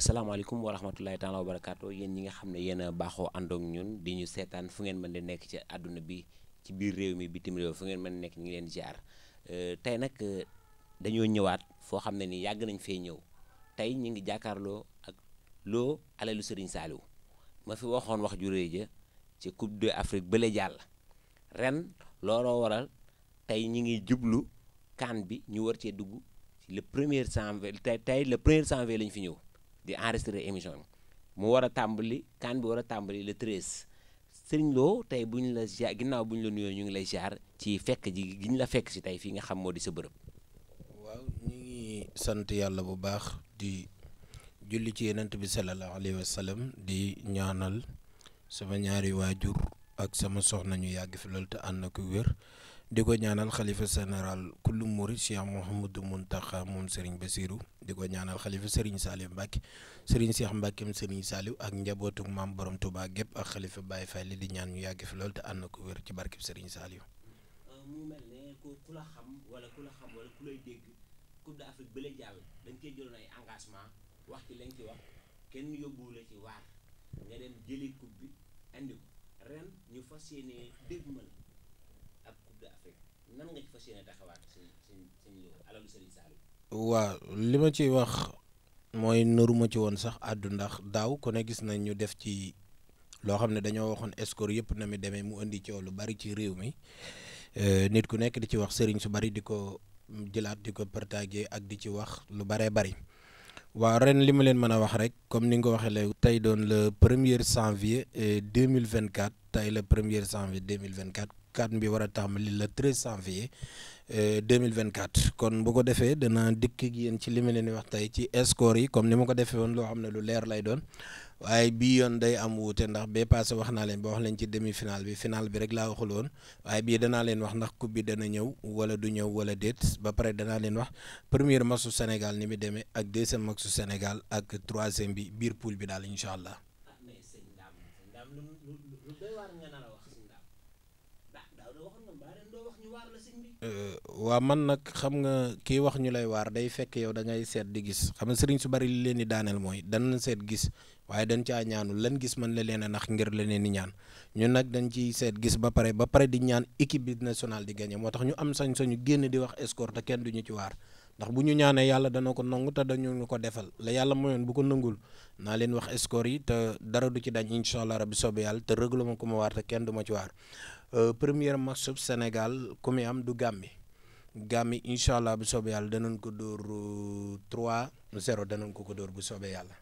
salaamaaleykum wa rahmatulahi taala wa barakaatu yéen ñi nga xam ne yéen a baaxoo àndoog ñun bi ñu seetaan fu ngeen mën di nekk ci àdduna bi ci biir réew mi bitim réew fu ngeen mën nekk ñu ngi leen jaar euh, tey nag euh, dañoo ñëwaat foo xam ne ni yàgg nañ fee ñëw tey ñu ngi jàkkaarloo ak loo alalu Serigne Saliou ma fi waxoon wax ju rëy ja ci Coupe d'Afrique bële jàll ren looloo waral tey ñi ngi jublu kan bi ñu war cee dugg le première janvier tey tey le premier janvier lañ fi ñëw. di enregistré émission bi mu war a tàmbali kan bi war tàmbali le treize. sëriñ loo tey bu ñu la ziar ginnaaw bu ñu la nuyoo ñu ngi lay ziar ci fekk ji gi ñu la fekk si tey fii nga xam moo di sa bërëb. waaw ñu ngi sant yàlla bu baax di julli ci yenent bi sallallahu alayhi wa sallam di ñaanal sama ñaari waajur ak sama soxna ñu yàgg fi loolu te ànd na ko wér. di ko ñaanal xalifa général kullu murid Cheikh Mouhamadou Mountakha moom Serigne Bassirou di ko ñaanal xalifa Serigne Saliou Mbacke Serigne Cheikh Mbacke Serigne Saliou ak njabootu maam borom Touba gépp ak xalifa Baye Fall li di ñaan ñu yàgg fi lool te ànd ko wér ci barkeb Serigne Saliou. Euh, mu mel ne ku la jàll dañ cee jëloon ay engagement wax ci lañ ci wax kenn yóbbuwu la ci waar nga dem jëli coupe bi andi ko ren ñu fas yéenee dégg ma la de Afrique waaw li ma ciy wax mooy naruma ci woon sax àddu ndax daaw ku ne gis nañ ñu def ci loo xam ne dañoo waxoon escore yëpp na mi demee mu indi coow lu bari ci réew mi euh, nit ku nekk di ci wax sëriñ su bari di ko jëlaat di ko partager ak di ci wax lu bare bari. waaw ren li ma leen mën a wax rek comme ni nga ko waxee léegi tey doon le premier janvier 2024 euh, tey le premier janvier 2024 kan bi war a tàmbali le treize euh, kon bu ko defee dana dikk ak yéen ci li ma leen di wax tey ci score yi comme ni ma ko defee woon loo xam ne lu leer lay doon waaye bii yoon day am wuute ndax bee passé wax naa leen ba wax leen ci demi final bi final bi rek la waxul woon waaye bii danaa leen wax ndax ku bi dana ñëw wala du ñëw wala déet ba pare danaa leen wax premier match su Sénégal ni mu demee ak deuxième match su Sénégal ak troisième bi biir poule bi daal incha allah. Ah, Euh, waa man nag xam nga kii wax ñu lay waar day fekk yow da ngay seet di gis xam nga sëriñ su bari li leen di daaneel mooy danañ seet gis waaye dañ caa ñaanu lan gis mën la leen a nax ngir la leen di ñaan ñun nag dañ ciy seet gis ba pare ba pare di ñaan équipe bi nationale di gagné moo tax ñu am sañ-sañu génn di wax escorte kenn du ñu ci waar. ndax bu ñu ñaanee yàlla dana ko nangu te dañu ko defal la yàlla mayoon bu ko nangul naa leen wax score yi te dara du ci dañ incha allah rabbi soobee yàlla te règlement ku ma waar te kenn du ci waar euh, première match sub Sénégal ku mi am du Gambie Gambie incha allah bu soobee yàlla danañ ko dóor 3-0 euh, danañ ko ko dóor bu soobee yàlla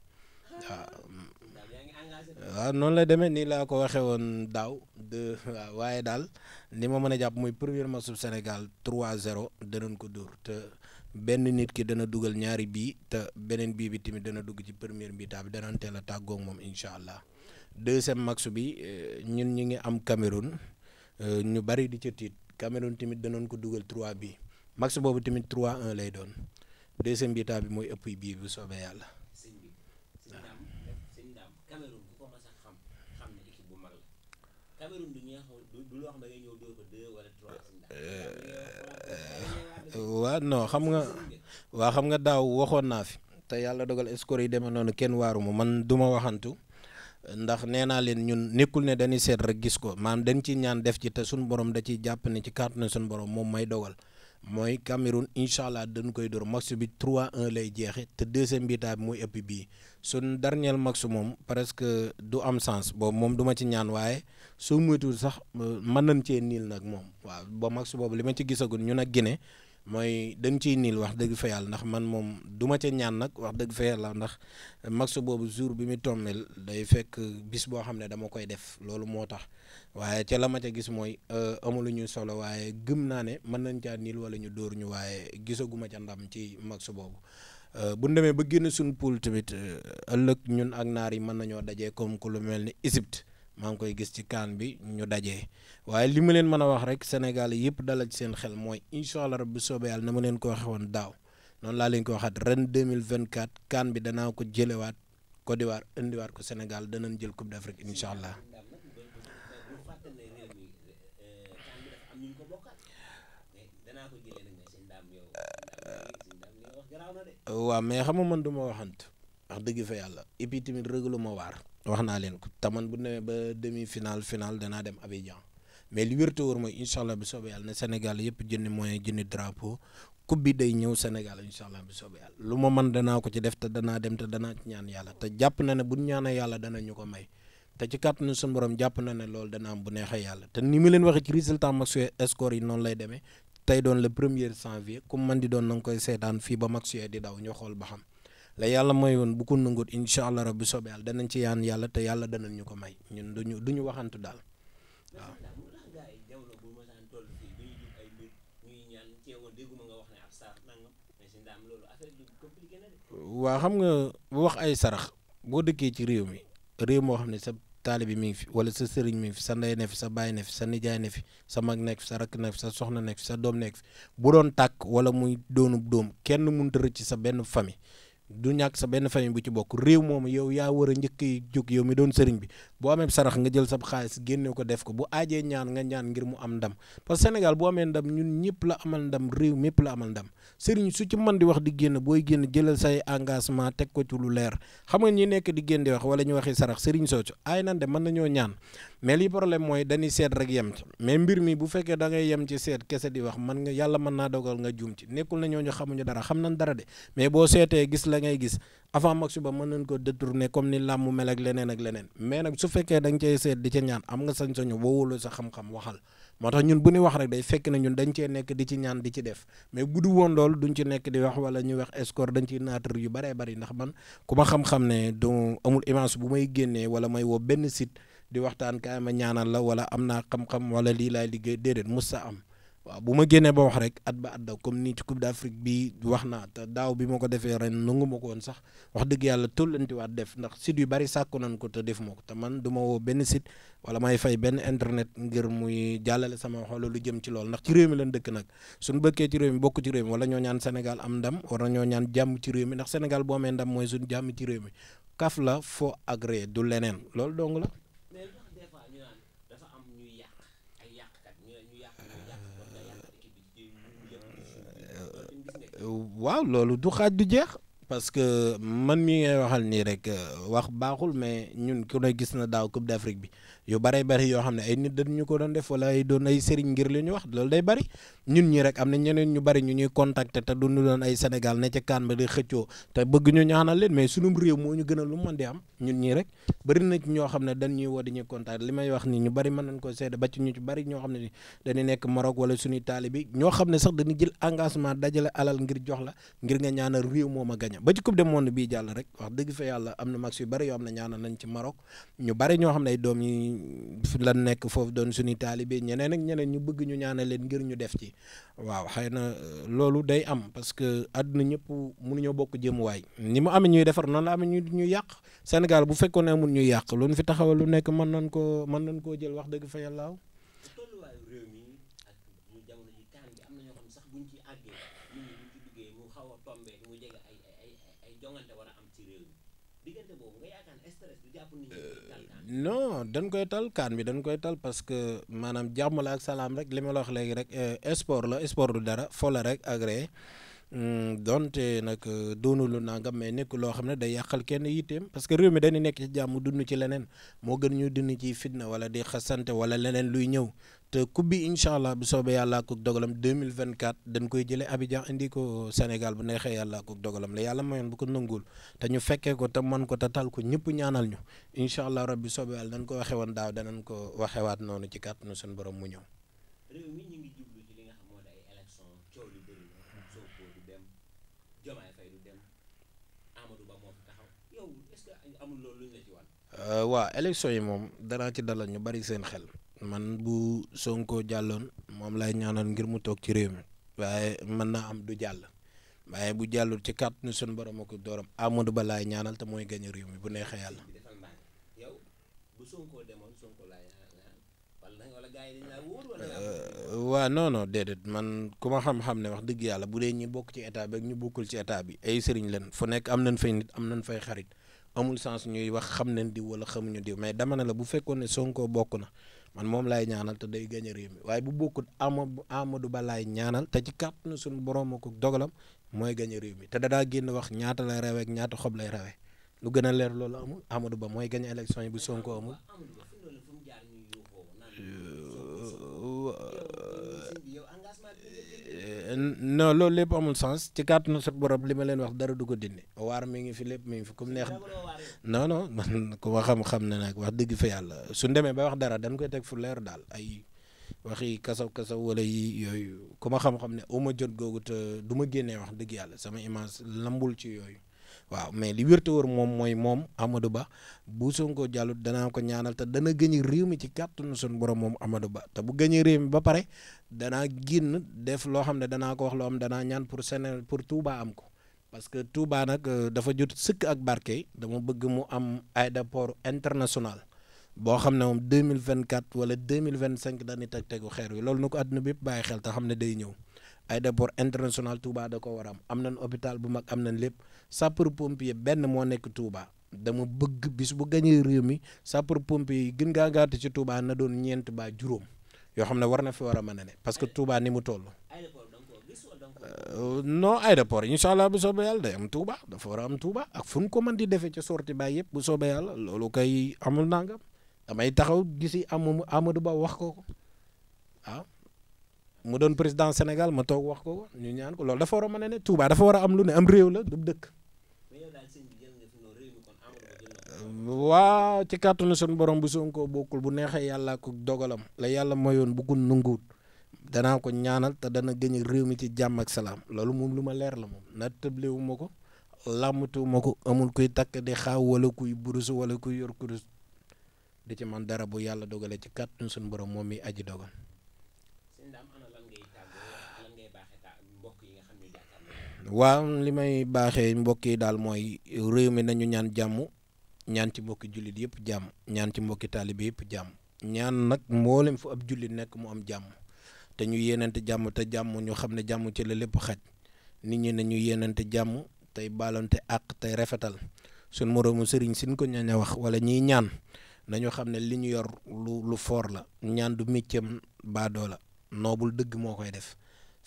noonu la demee nii laa ko waxee woon daaw de ma mën a jàpp mooy première match sub Sénégal 3-0 ko dóor te. benn nit ki dana dugal ñaari bii te beneen bii bi tamit dana dugg ci première mbitaa bi danañ teel a tàggoog moom incha allah deuxième match bi euh, ñun ñu ngi am Cameroun euh, ñu bari di ca tiit tamit danoon ko dugal 3 bi match boobu tamit 3-1 lay doon deuxième mbitaa bi mooy ëpp bii bu soobee yàlla. Ah. waa non xam nga waa xam nga daaw waxoon naa fi te yàlla dogal score yi demee noonu kenn waaru ma man du ma waxantu ndax nee naa leen ñun nekkul ne dañuy seet rek gis ko maanaam dañ ci ñaan def ci te suñu borom da ciy jàpp ne ci kàttu na suñu borom moom may dogal mooy Cameroun incha allah dañ koy dóor maxu bi 3 un lay jeexe te deuxième bitaa bi muy ëpp bii suñ dernier maxu moom presque du am sens boobu moom duma ci ñaan waaye soo moytuwul sax mën nañ cee niil nag moom waaw ba ci gisagul ñun ak Guinée mooy dañ ciy niil wax dëgg fa ndax man moom duma ma ca ñaan nag wax dëgg fa yàlla ndax max boobu jour bi mu tombeel day fekk bis boo xam ne dama koy def loolu moo tax waaye ca la ma ca gis mooy euh, amuluñu solo waaye gëm naa ne mën nañ caa niil wala ñu dóor ñu waaye gisaguma ca ndam ci max boobu euh, bu ñu demee ba génn suñu poul tamit euh, ëllëg ñun ak naar yi mën nañoo dajee comme ku mel ni Égypte maa ngi koy gis ci kaan bi ñu dajee waaye li ma leen mën a wax rek Sénégal yëpp dalal ci seen xel mooy incha allah rabbi soobee yàlla na ma leen ko waxee woon daaw noonu laa leen ko waxaat ren 2024 kaan bi danaa ko jëlewaat Côte d'Ivoire indiwaat ko Sénégal danañ jël coupe d'Afrique incha allah. Euh, waaw mais xam nga man du ma waxant wax dëgg fa yàlla et puis tamit rëgalu ma waar. wax naa leen ko te man bu demee ba demi final final danaa dem Abidjan mais li wér te wóor mooy incha allah na Sénégal yëpp jëndi moyen jëndi drapeau coupe bi day ñëw Sénégal incha allah bu soobee lu ma man danaa ko ci def te danaa dem te danaa ñaan yàlla te jàpp na ne bu ñaanee yàlla dana ñu ko may te ci kàttanu suñu borom jàpp na ne loolu dana am bu neexee yàlla te ni mu leen waxee ci résultat max score yi noonu lay demee tey doon le premier janvier comme man di doon na nga koy seetaan fii ba max di daw ñu xool ba xam. la yàlla may woon bu ko nangoot incha allah rabbi soobee yàlla danañ ci yaan yàlla te yàlla danañ ñu ko may ñun duñu duñu waxantu daal waa xam nga wax ay sarax boo dëkkee ci réew mi réew moo xam ne sa taalibi mi ngi fi wala sa sëriñ mi fi sa ndey ne fi sa baay ne fi sa nijaay ne fi sa mag nekk fi sa rakk nekk fi sa soxna nekk fi sa doom nekk fi bu doon tàkk wala muy doonub doom kenn munta a rëcc sa benn famille du ñàkk sa benn famille bu ci bokku réew moom yow yaa war a njëkk jóg yow mi doon sëriñ bi boo amee sarax nga jël sab xaalis génne ko def ko bu ajee ñaan nga ñaan ngir mu am ndam parce que Sénégal boo amee ndam ñun ñëpp la amal ndam réew mépp la amal ndam sëriñ su ci man di wax di génn booy génn jëlal say engagement teg ko ci lu leer xam nga ñi nekk di génn di wax wala ñu waxi sarax sëriñ soocu aay nan de mën nañoo ñaan mais li problème mooy dañuy seet rek yem ci mais mbir mi bu fekkee da ngay yem ci seet kese di wax man nga yàlla mën naa dogal nga juum ci nekkul nañoo ñu xamuñu dara xam nañ dara de mais boo seetee gis la ngay gis avant match ba mën nañ ko détourner comme ni làmb mel leneen ak leneen mais nag su fekkee da nga cey seet di ca ñaan am nga sañ-sañu woowuloo sa xam-xam waxal moo tax ñun bu ñu wax rek day fekk na ñun dañ cee nekk di ci ñaan di ci def mais bu du woon lool duñ ci nekk di wax wala ñu wax score dañ ciy naatar yu bëree bëri ndax man ku ma xam-xam ne du amul image bu may génnee wala may woo benn site di waxtaan kaay ma ñaanal la wala am naa xam wala lii laay liggéey déedéet mus am waaw bu ma génnee ba wax rek at ba at daw comme nii ci Coupe d'Afrique bi wax naa te daaw bi ma ko defee ren nangu ma ko woon sax wax dëgg yàlla tollantiwaat def ndax site yu bari sàkku nañ ko te def ma ko te man du ma woo benn site wala may fay benn internet ngir muy jàllale sama xol lu jëm ci lool ndax ci réew mi lañ dëkk nag suñ bëkkee ci réew mi bokk ci réew mi wala ñoo ñaan Sénégal am ndam wala ñoo ñaan jàmm ci réew mi ndax Sénégal boo amee ndam mooy suñu jàmm ci réew mi kaf foo agré du leneen waaw loolu du xaaj du jeex parce que man mi ngay waxal nii rek euh, wax baaxul mais ñun ku ne gis na daaw Coupe d'Afrique bi yu bare bari yoo xam ne dañu ko doon def wala ay doon ay sëriñ ngir li ñu bari ñun ñu bari ñu ñuy contacter te duñu ne kaan ba di xëccoo te bëgg ñu ñaanal leen mais sunum réew moo ñu gën a lu mën di am ñun ñii rek bari na ñoo xam ne dañ ñuy woo di ñuy contacter li may wax ni ñu bari mën nañ ko seede ba ci ñu ñoo xam ne dañuy nekk Maroc wala suñuy taalibi ñoo xam ne sax dañuy jël engagement dajale alal ngir jox la ngir nga ñaanal réew moom a gaña ba ci coupe du monde bii jàll rek wax dëgg fa yàlla am na match yu bari yoo xam ne ñaanal nañ ci Maroc ñu bari ñoo xam ne ay doom fu la nekk foofu doon suñu taalibe ñeneen ak ñeneen ñu bëgg ñu ñaanal leen ngir ñu def ci waaw xëy na euh, loolu day am parce que àdduna ñëpp mënuñoo bokk jëmuwaay ni mu amee ñuy defar noonu la amee ñu ñu yàq Sénégal bu fekkoon ne amul ñuy yàq loonu fi taxawal lu nekk mën nañ ko mën nañ koo jël wax dëgg fa yàlla non dañ koy tal kaan bi dañ koy tal parce que maanaam jàmm la ak salaam rek li ma la wax léegi rek eh, sport la sport du dara fo la rek agré hmm, donte nag euh, doonulu nangam mais nekk loo xam ne day yàqal kenn yitteem parce que réew mi dañuy nekk ci jàmm dund ci leneen moo gën ñu dund ci fitna wala di xasante wala leneen luy ñëw te uh, coupe bi incha allah bu soobee yàlla kook dogalam 2024 dañ koy jëlee Abidjan indi ko Sénégal bu neexee yàlla kook dogalam la yàlla mayoon bu ko nanguwul te ñu fekkee ko te man ko te tal ko ñëpp ñaanal ñu incha allah rabbi soobee yàlla dañ ko waxee woon daaw danañ ko waxewaat noonu ci kàttanu suñu borom mu ñëw. réew mi lu bëri Sonko euh, yi moom danaa ci dalal ñu bari seen xel. man bu sonkoo jàlloon moom lay ñaanal ngir mu toog ci réew mi waaye mën naa am du jàll waaye bu jàllul ci kàttanu suñu borom ak dooram Amadou Ba laay mooy gañ réew mi bu neexee yàlla. Euh, waaw non non déedéet man ku ma xam ne wax dëgg yàlla bu dee ñi bokk ci état bi ñu bokkul ci état bi ay sëriñ leen fu nekk am nañ fay nit am nañ fay xarit amul sens ñuy wax xam nañ diw wala xamuñu diw mais dama la bu fekkoon ne sonkoo bokk na. man moom laay ñaanal te day gañ a réew mi waaye bu bokkut ama Amadou Ba lay ñaanal te ci kàttanu suñu borom ak dogalam mooy gañ réew mi te dadaa génn wax ñaata lay rawee ak ñaata xob lay rawee lu gën a leer loolu amul Amadou Ba mooy gañ élection yi bu Sonko amul. non loolu lépp amul sens ci kàttanu sa borom li ma leen wax dara du ko dindi waar mi ngi fi lépp mi ngi fi comme neex non non man ku ma xam xam ne nag wax dëgg fa yàlla su demee ba wax dara dañ koy teg fu leer daal ay waxi kasaw kasaw wala yi yooyu ku ma xam-xam ne uma jot googu te du ma génnee wax dëgg yàlla sama image lambul ci yooyu waaw mais li wér te moom mooy moom Amadou Ba bu Sonko jàllut danaa ko ñaanal te dana gëñ réew mi ci kàttanu suñu borom moom Amadou Ba te bu gëñee réew mi ba pare danaa génn def loo xam ne danaa ko wax loo am danaa ñaan pour Sénégal pour Touba am ko parce que Touba nag euh, dafa jot sëkk ak barke dama bëgg mu am aéroport international boo xam ne moom 2024 wala 2025 dañuy teg tegu xeer wi loolu na ko àdduna bépp bàyyi xel te xam ne day ñëw aéroport international Touba da ko war am am nañ hôpital bu mag am nañ lépp sapeur pompier benn moo nekk Touba dama bëgg bis bu gañee réew mi sapeur pompier yi gën ngaa gàtt ci Touba na doon ñeent ba juróom yoo xam ne war na fi war a man a ne parce que Touba ni mu toll. Euh, non aéroport incha allah bu soobee yàlla day am Touba dafa war a am Touba ak fu ñu ko mën di defee ca sorti baay yëpp bu soobee yàlla loolu kay amul nangam damay taxaw gisi amu Amadou Ba wax ko ah? mu doon président Sénégal ma toog wax ko ñu ñaan ko loolu dafa war a mën ne Touba dafa war a am lu ne am réew la du dëkk. waaw ci kàttanu suñ borom bu Sonko bokkul bu neexee yàllaa ko dogalam la yàlla mayoon bu gun nanguwut danaa ko ñaanal te dana gëñ réew mi ci jàmm ak salaam loolu moom lu ma leer la moom na tëblewu ma ko làmmatu ko amul kuy takk di xaaw wala kuy burus wala kuy yor kurus di ci man dara bu yàlla dogalee ci kàttanu suñu borom moom mi aji dogal waaw li may baaxee mbokk yi daal mooy réew mi nañu ñaan jàmm ñaan ci mbokki jullit yëpp jàmm ñaan ci mbokki taalibe yëpp jàmm ñaan nag mboolem fu ab jullit nekk mu am jàmm te ñu yéenante jàmm te jàmm ñu xam ne jàmm ci lépp xaj nit ñi nañu yéenante jàmm tey baalante àq tey rafetal suñ moroomu sëriñ sin ko ñañ a wax wala ñiy ñaan nañu xam ne li ñu yor lu lu foor la ñaan du méccam baadoo la noobul dëgg moo koy def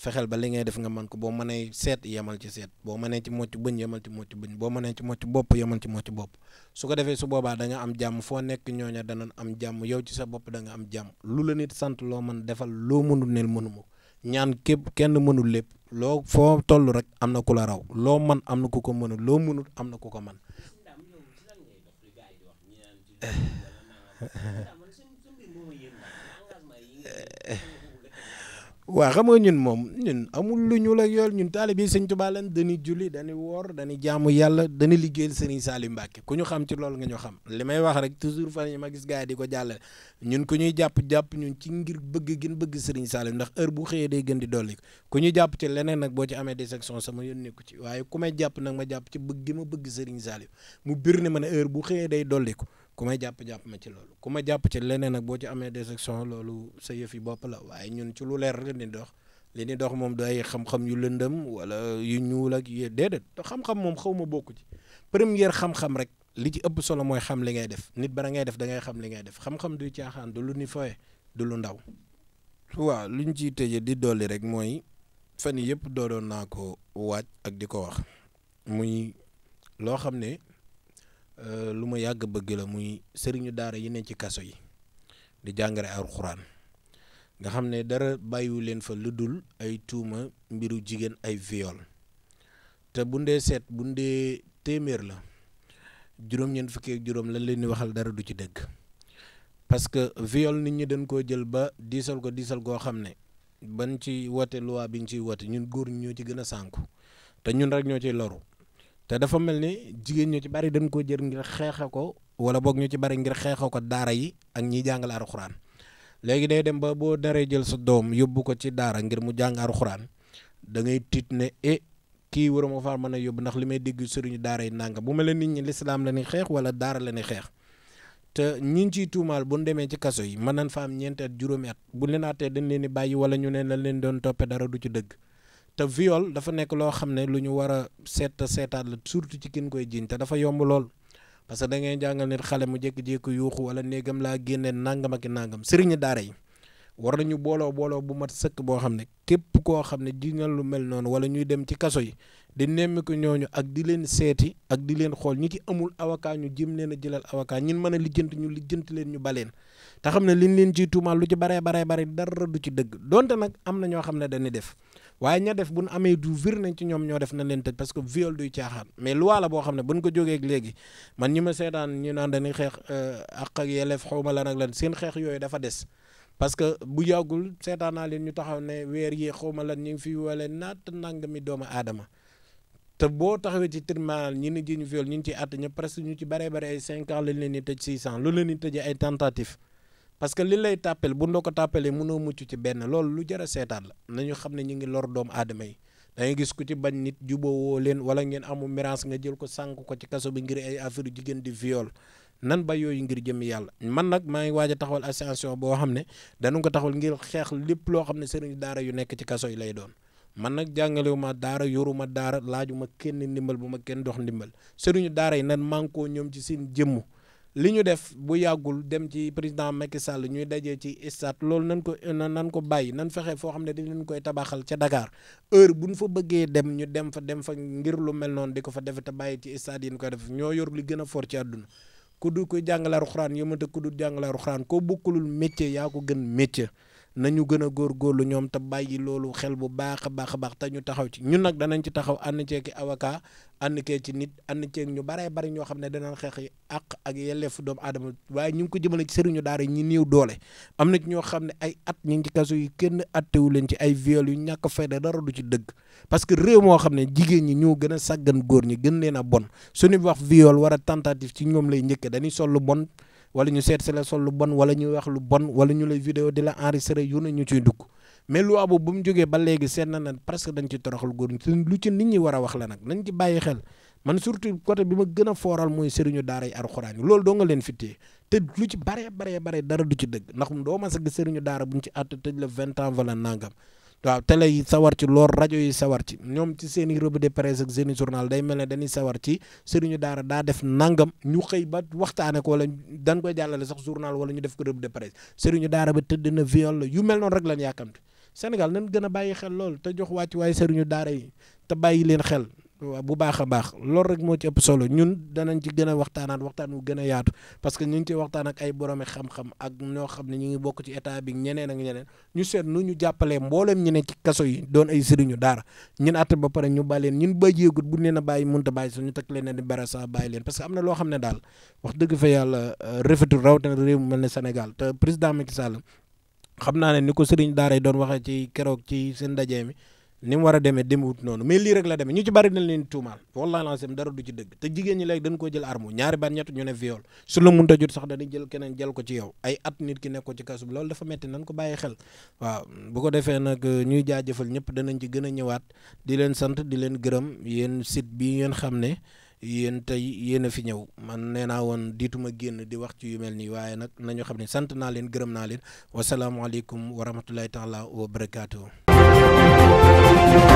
fexeel ba li ngay def nga man ko boo mënee seet yemal ci seet boo mënee ci mocc bëñ yemal ci mocc bëñ boo mënee ci mocc bopp yemal ci mocc bopp su ko defee su boobaa da am jàmm foo nekk ñooña danañ am jàmm yow ci sa bopp danga am jàmm lu la nit sant loo mën defal loo mënul neel mënu ma ñaan képp kenn mënul lépp loo foo toll rek am na ku la raw loo man am na ku ko mënul loo mënul am na ku ko man eh. waaw xam nga ñun moom ñun amul lu ñu la yool ñun taalibe sëñ Tuubaa lan dañuy julli dañuy woor dañuy jaamu yàlla dañuy liggéey Sëriñ Saliou Mbacke ku ñu xam ci loolu nga ñu xam li may wax rek toujours fan yi ma gis gaa yi di ko jàllale ñun ku ñuy jàpp jàpp ñun ci ngir bëgg gën bëgg Sëriñ Saliou ndax heure bu xëyee day gën di dolli ku ñu jàpp ci leneen nag boo ci amee desection sama yoon nekku ci waaye ku may jàpp nag ma jàpp ci bëgg gi ma bëgg Sëriñ Saliou mu bir ne ma ne heure bu xëyee day dolli ko ku may jàpp jàpp ma ci loolu ku ma jàpp ci leneen nag boo ci amee déception loolu sa yëf yi bopp la waaye ñun ci lu leer la ni dox li ni dox moom day xam-xam yu lëndëm wala yu ñuul ak yu déedéet te xam-xam moom xaw ma bokku ci première xam-xam rek li ci ëpp solo mooy xam li ngay def nit bara ngay def dangay xam li ngay def xam-xam du caaxaan du lu ni foye du lu ndaw. waaw lu ñu ciy tëjee di dolli rek mooy fan yëpp doodoon naa ko waaj ak di ko wax muy loo xam ne. Euh, lu ma yàgg bëgg la muy sëriñu daara yi ne ci kaso yi di jàngare alxuraan nga xam ne dara bàyyiwu leen fa lu dul ay tuuma mbiru jigéen ay viol te bu ndee seet bu ndee téeméer la juróom-ñeent fukki juróom lañ leen di waxal dara du ci dëgg parce que viol nit ñi dañ koo jël ba diisal ko diisal koo xam ne ban ci wote loi bi ñu ciy wote ñun góor ñoo ci gën a sànku te ñun rek ñoo ciy loru te dafa mel ni jigéen ñu ci bari dañ ko jër ngir xeexe ko wala boog ñu ci bari ngir xeexe ko daara yi ak ñiy jàngale alxuraan léegi day dem ba boo daree jël sa doom yóbbu ko ci daara ngir mu jàng alxuraan da ngay tiit ne e kii waruma faa mën a yóbbu ndax li may dégg sëriñu daara yi nanga bu ma la nit ñi lislaam la ñuy xeex wala daara la ñuy xeex te ñi ciy tuumaal bu ñu demee ci kaso yi mën nañ fa am ñeenti at juróomi at bu leen àttee dañ leen di bàyyi wala ñu ne lañ leen doon toppee dara du ci dëgg te viole dafa nekk loo xam ne lu ñu war a seet seetaat la surtout ci kin koy jiiñ te dafa yomb lool parce que da ngay jàngal nit xale mu jékki-jékki yuuxu wala néegam laa génnee nangam ak i nangam sëriñu daara yi war nañu booloo booloo bu mat sëkk boo xam ne képp koo xam ne jingal lu mel noonu wala ñuy dem ci kaso yi di nemmiku ñooñu ak di leen seeti ak di leen xool ñi ci amul avocat ñu jëm leen a jëlal avocat ñin mën a lijjanti ñu leen ñu baleen te xam ne liñ leen ciy tuumaal lu ci baree baree bari dara du ci dëgg donte nag am na ñoo xam ne dañuy def waaye ña def bu nu amee du vir nañ ci ñoom ñoo def na leen tëj parce que viol duy caaxaan mais loi la boo xam ne buñ ko jógee ak léegi man ñi ma seetaan ñu naan dañuy xeex euh, ak ak yelleef xaw ma nag ak seen xeex yooyu dafa des parce que bu yàggul seetaan leen ñu taxaw ne weer yi xawma la ñu ngi fi wala naat nangami doomu aadama te boo taxawee ci tribunal ñi ni ji ñu viol ñu ngi ci àtt ña presque ñu ci baree bare ay cinq ans lañ leen di tëj six ans lu leen di tëjee ay tentative parce que li lay tàppale bu ndoo ko tàppalee mënoo mucc ci benn loolu lu jara seetaan la na ñu xam ne ñu ngi lor doomu aadama yi da gis ku ci bañ nit woo leen wala ngeen amu mirance nga jël ko sànk ko ci kaso bi ngir ay affaire jigéen di viol nan ba yooyu ngir jëmm yàlla man nag maa ngi waaj a taxawal association boo xam ne danu ko taxawal ngir xeex lépp loo xam ne sëriñ daara yu nekk ci kaso yi lay doon man nag jàngalewu ma daara yoruma daara laajuma kenn ndimbal bu ma kenn dox ndimbal sëriñu daara yi nan mànkoo ñoom ci seen jëmm li ñu def bu yàggul dem ci président Macky Sall ñuy dajee ci stade loolu nan ko nan ko bàyyi nan fexe foo xam ne dañ leen koy tabaxal ca Dakar heure bu ñu fa bëggee dem ñu dem fa dem fa ngir lu mel noonu di ko fa def te ci stade yi ñu def ñoo yor li gën a ci àdduna ku du ko jàngale alxuraan yemante ku du jàngale alxuraan ko bokkulul métier yaa ko gën métier nañu gën a góorgóorlu ñoom te bàyyi loolu xel bu baax baax a baax te ñu taxaw ci ñun nag danañ ci taxaw ànd ceeki avocat ànd kee ci nit ànd ceeg ñu baree bari ñoo xam ne danañ xeex àq ak yelleefu doomu aadama waaye ñu ngi ko jëmale ci sëriñu daara ñi niiw doole am na ci ñoo xam ne ay at ñu ngi ci kaso yi kenn attewu leen ci ay viol yu ñàkk fayda dara du ci dëgg parce que réew moo xam ne jigéen ñi ñoo gën a sàggan góor ñi gën leen a bon suñu wax viol war a tentative ci ñoom lay njëkke dañuy sol lu bon wala ñu seet si la sol lu bon wala ñuy wax lu bon wala ñu lay vidéo di la enregistré yu ne ñu ciy dugg mais loi boobu ba mu jógee ba léegi seet na na presque dañ ci toroxal góor lu ci nit ñi war a wax la nag nañ ci bàyyi xel man surtout côté bi ma gën a fooral mooy sëriñu daara yi alxuraan yi loolu doo nga leen fittee te lu ci baree baree baree dara du ci dëgg ndax doo ma sa gis sëriñu daara buñ ci àtt tëj la vingt ans wala nangam waaw télé yi sawar ci lool rajo yi sawar ci ñoom ci seen i revue de presse ak seen journal day mel ne dañuy sawar ci sëriñu daara daa def nangam ñu xëy ba waxtaane ko wala dañ koy jàllale sax journal wala ñu def ko revue de presse sëriñu daara ba tëdd na viol yu mel noonu rek lañ yàkkamti Sénégal nañ gën a bàyyi xel lool te jox wàcc waaye sëriñu daara yi te bàyyi leen xel waaw bu baax a baax loolu rek moo ci ëpp solo ñun danañ ci gën a waxtaanaat waxtaan wu gën a yaatu parce que ñu ngi ci waxtaan ak ay boroomi xam-xam ak ñoo xam ne ngi bokk ci état bi ñeneen ak ñeneen ñu seet ñu jàppalee mbooleem ñu ne kaso yi doon ay sëriñu daara ñun àtte ba pare ñu bàyyi leen ñun bëjeegut bu nee na bàyyi mënta bàyyi suñu teg leen di bara sa bàyyi leen parce que am na loo xam ne daal wax dëgg fa yàlla euh, rafetul rawatina réew mu mel ne Sénégal te président Macky Sall xam naa ne ni ko sëriñ daara yi doon waxee ci keroog ci seen ndaje mi ni mu war a demee demewut noonu mais lii rek la demee ñu ci bari dañ leen tuumaal wallahi lancem dara du ci dëgg te jigéen ñi léegi dañ koo jël arme ñaari ban ñett ñu ne viol su la munta jot sax dañuy jël keneen jël ko ci yow ay at nit ki nekk ko ci kasu bi loolu dafa metti nañ ko bàyyi xel waaw bu ko defee nag euh, ñuy jaajëfal ñëpp danañ ci gën a ñëwaat di leen sant di leen gërëm yéen site bi ngeen xam ne yéen tey yéen a fi ñëw man nee naa woon diituma génn di wax ci yu mel nii waaye nag nañu xam ne sant naa leen gërëm naa leen wasalaamaaleykum wa rahmatulahi taala wa barakaatu Thank you.